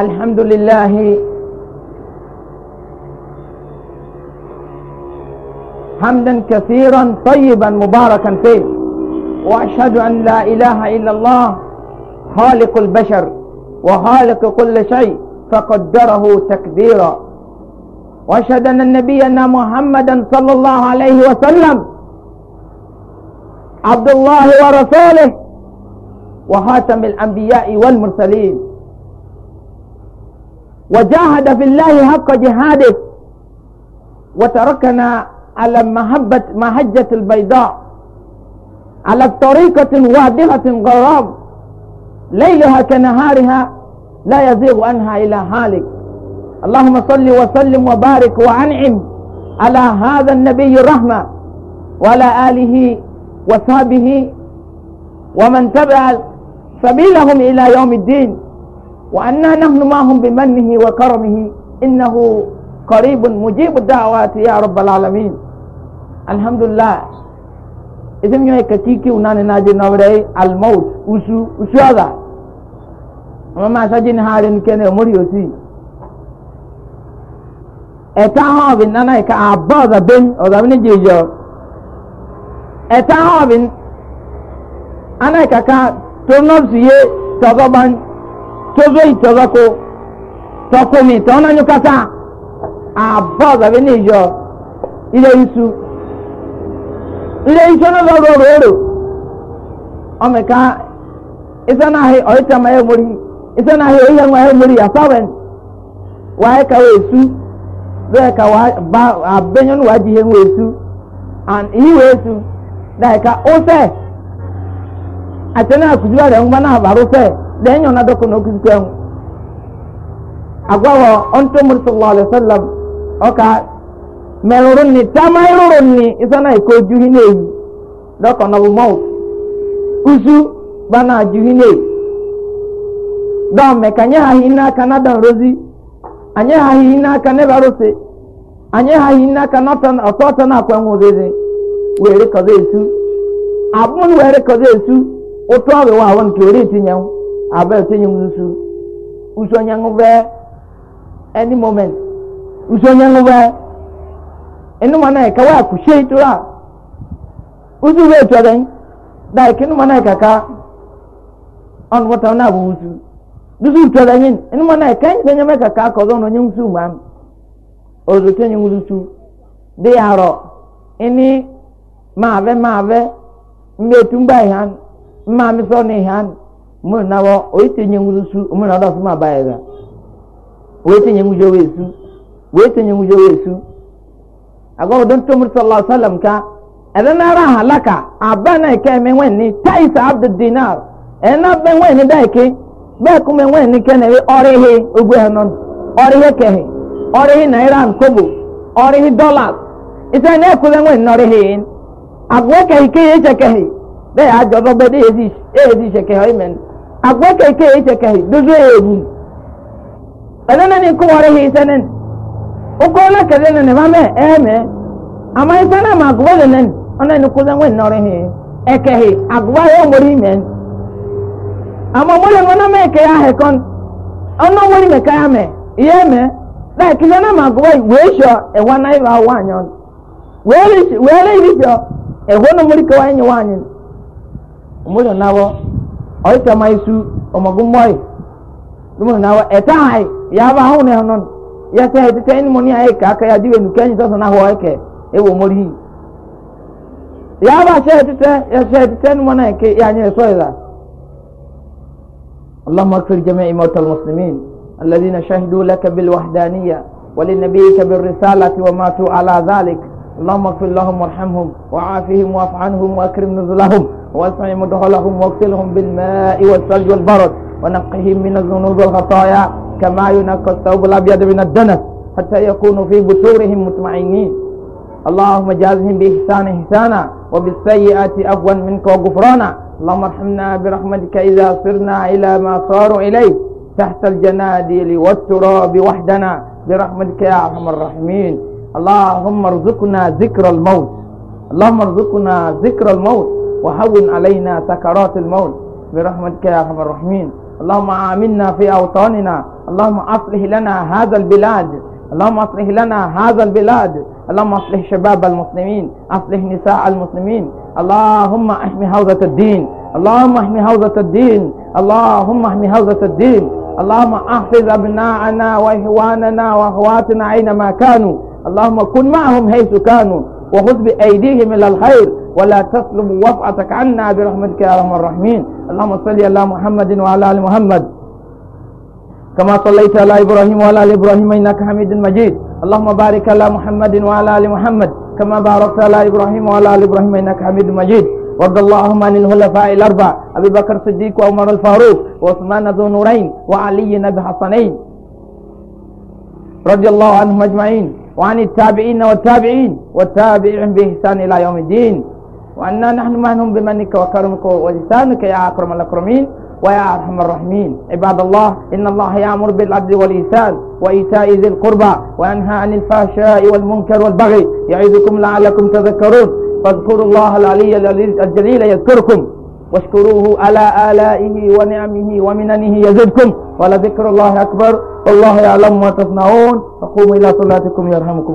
الحمد لله حمدا كثيرا طيبا مباركا فيه واشهد ان لا اله الا الله خالق البشر وخالق كل شيء فقدره تقديرا واشهد ان نبينا محمدا صلى الله عليه وسلم عبد الله ورسوله وخاتم الانبياء والمرسلين وجاهد في الله حق جهاده وتركنا على محبة محجة البيضاء على طريقة واضحة غرام ليلها كنهارها لا يزيغ عنها إلى هالك اللهم صل وسلم وبارك وأنعم على هذا النبي الرحمة وعلى آله وصحبه ومن تبع سبيلهم إلى يوم الدين وأنا نحن معهم بمنه وكرمه إنه قريب مجيب الدعوات يا رب العالمين الحمد لله إذن يوم كتيكي ونان ناجي نوري الموت وشو وشو هذا وما سجن هارين كان يمر يوسي إتاها hɔɔbin nana yi ka a ba ɔzabin ɔzabin ni jeejɔ ɛta hɔɔbin ana yi ka ka tornɔbsi ye tɔzɔban tozo itozako tọkumi tọnanyukata abọz abe n'izọ ile isu ile isu n'ụzọ roro oro ọmịka isa n'ahị ọyịta ma ya mori isa n'ahị oyihe nwa ya mori asawen wae ka wa esu bẹẹ ka wa ba abenyɔnu wa di ihe nwa esu and iyi esu daị ka ụsẹ atene akutu ya na-abarụ sẹ. denyo na doko no kikwen agwawo onto muri sallallahu alaihi wasallam oka merurun ni tamairurun ni isana iko juhi na yi doko no bu usu bana juhi ne don me kanye ha hina kana dan rozi anye ha tan na kwenwu zeze were esu esu abẹ́ òtẹ́yìn nusu usonyangu bẹ́ any moment usonyangu bẹ́ ẹnu mọ náà kẹwàá kùsẹ́ ìtura usu bẹ́ẹ̀ tọ́ dẹ́yìn dáì kí ẹnu mọ náà kàkà on wọ́tà ọ̀nà àbọ̀ usu dusu tọ́ dẹ́yìn ẹnu mana? náà kẹ́yìn tẹ́yìn mẹ́ kàkà kọ́dọ̀ ọ̀nà ọ̀nyẹ́ usu mọ́ àmì ọ̀dọ̀ tẹ́yìn nusu dé àrọ̀ ẹni máa bẹ́ máa bẹ́ mbẹ́tùngbà ìhàn mmaa mi sọ mụ na-awọ oyi tenye ngwuzu mụ na ọdọ ọsụma abaya ga wee tenye wee agwa mụrụ sọlọ sọlọm ka ebe n'ara halaka aba na eke eme nwe ni taisa abdu dinar ena be nwe ni da eke bẹẹ nwe ni na ewe ọrịhị ogwe ha nọ ọrịhị ọrịhị naira nkobo ọrịhị dọlas na nwe ni ọrịhị eche ajọ dị ezi ọ e ime agwa keke yake kai duzo yebu anana ne kuma rahi sanan uko na kare na ne ba me eh me amma sana ma agwa da nan ana ne ko zan wannan rahi ekehi agwa yo e muri men amma mole ngona me ke ya he kon ono mori me ka me iye me da ki na ma agwa e, we sho e wana iba wa anyon e we we le sho e hono mori ka wa anyon mole nawo oyi kama isu ọmọgun mọyi dumuni na wa ẹta ayi yaba ahun ne honon yasa ẹ titẹ ẹni mo ni ayi kaka ya diwe nu kẹyin sọsọ na hɔ ɛkɛ ɛwɔ mori yi yaba ahyɛ ẹ titẹ yasa ẹ titẹ ẹni mo na ɛkɛ yanyɛ ɛsɔ yi la اللهم اغفر جميع موتى المسلمين الذين شهدوا لك بالوحدانية ولنبيك بالرسالة وماتوا على ذلك اللهم اغفر لهم وارحمهم وعافهم واعف عنهم واكرم نزلهم واسمع مدخلهم واغسلهم بالماء والثلج والبرد ونقهم من الذنوب والخطايا كما ينقى الثوب الابيض من الدنس حتى يكونوا في بشورهم مطمئنين اللهم جازهم باحسان احسانا وبالسيئات عفوا منك وغفرانا اللهم ارحمنا برحمتك اذا صرنا الى ما صاروا اليه تحت الجنادل والتراب وحدنا برحمتك يا ارحم الراحمين اللهم ارزقنا ذكر الموت اللهم ارزقنا ذكر الموت وهون علينا سكرات الموت برحمتك يا ارحم الراحمين اللهم آمنا في أوطاننا اللهم أصلح لنا هذا البلاد اللهم أصلح لنا هذا البلاد اللهم أصلح شباب المسلمين أصلح نساء المسلمين اللهم احمي حوزة الدين اللهم احمي حوزة الدين اللهم احمي حوزة الدين اللهم احفظ أبناءنا وإخواننا وأخواتنا أينما كانوا اللهم كن معهم حيث كانوا وخذ بأيديهم إلى الخير ولا تسلب وفعتك عنا برحمتك يا ارحم الراحمين اللهم صل على محمد وعلى ال محمد كما صليت على ابراهيم وعلى ال ابراهيم انك حميد مجيد اللهم بارك على محمد وعلى ال محمد كما باركت على ابراهيم وعلى ال ابراهيم انك حميد مجيد وارض اللهم عن الخلفاء الاربع ابي بكر الصديق وعمر الفاروق وعثمان ذو نورين وعلي بن حسنين رضي الله عنهم اجمعين وعن التابعين والتابعين والتابعين باحسان الى يوم الدين وأنا نحن مهنون بمنك وكرمك ولسانك يا أكرم الأكرمين ويا أرحم الراحمين عباد الله إن الله يأمر بالعدل والإحسان وإيتاء ذي القربى وينهى عن الفحشاء والمنكر والبغي يعظكم لعلكم تذكرون فاذكروا الله العلي الجليل يذكركم واشكروه على آلائه ونعمه ومننه يزدكم ولذكر الله أكبر والله يعلم ما تصنعون فقوموا إلى صلاتكم يرحمكم الله